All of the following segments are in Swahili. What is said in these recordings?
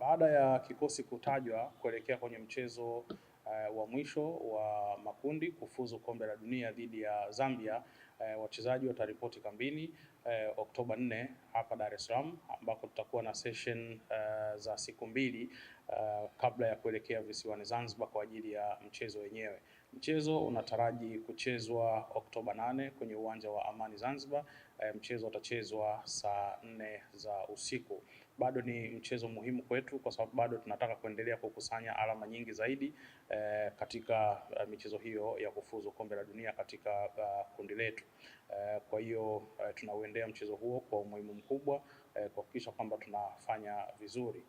Baada ya kikosi kutajwa kuelekea kwenye mchezo uh, wa mwisho wa makundi kufuzu kombe la dunia dhidi ya Zambia eh, wachezaji wataripoti kambini eh, Oktoba 4 hapa Dar es Salaam ambako tutakuwa na session eh, za siku mbili eh, kabla ya kuelekea visiwani Zanzibar kwa ajili ya mchezo wenyewe. Mchezo unataraji kuchezwa Oktoba 8 kwenye uwanja wa Amani Zanzibar. Eh, mchezo utachezwa saa nne za usiku. Bado ni mchezo muhimu kwetu kwa sababu bado tunataka kuendelea kukusanya alama nyingi zaidi eh, katika eh, michezo hiyo ya kufuzu kombe la dunia katika uh, kundi letu. Eh, kwa hiyo eh, tunauendea mchezo huo kwa umuhimu mkubwa eh, kuhakikisha kwamba tunafanya vizuri.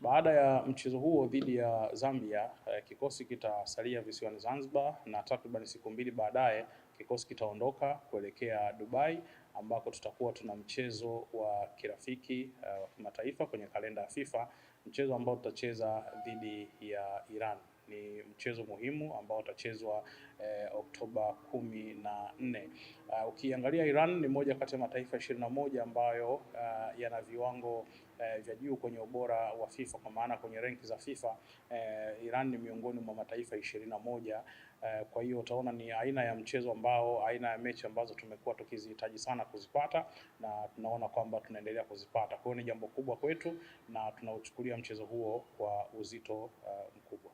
Baada ya mchezo huo dhidi ya Zambia, kikosi kitasalia visiwani Zanzibar na takriban siku mbili baadaye kikosi kitaondoka kuelekea Dubai ambako tutakuwa tuna mchezo wa kirafiki wa kimataifa kwenye kalenda ya FIFA, mchezo ambao tutacheza dhidi ya Iran. Ni mchezo muhimu ambao utachezwa eh, Oktoba kumi na nne. Uh, ukiangalia Iran ni moja kati ya mataifa ishirini na moja ambayo uh, yana viwango uh, vya juu kwenye ubora wa FIFA kwa maana kwenye renki za FIFA uh, Iran ni miongoni mwa mataifa ishirini na moja uh, kwa hiyo utaona ni aina ya mchezo ambao, aina ya mechi ambazo tumekuwa tukizihitaji sana kuzipata na tunaona kwamba tunaendelea kuzipata. Kwa hiyo ni jambo kubwa kwetu na tunauchukulia mchezo huo kwa uzito uh, mkubwa.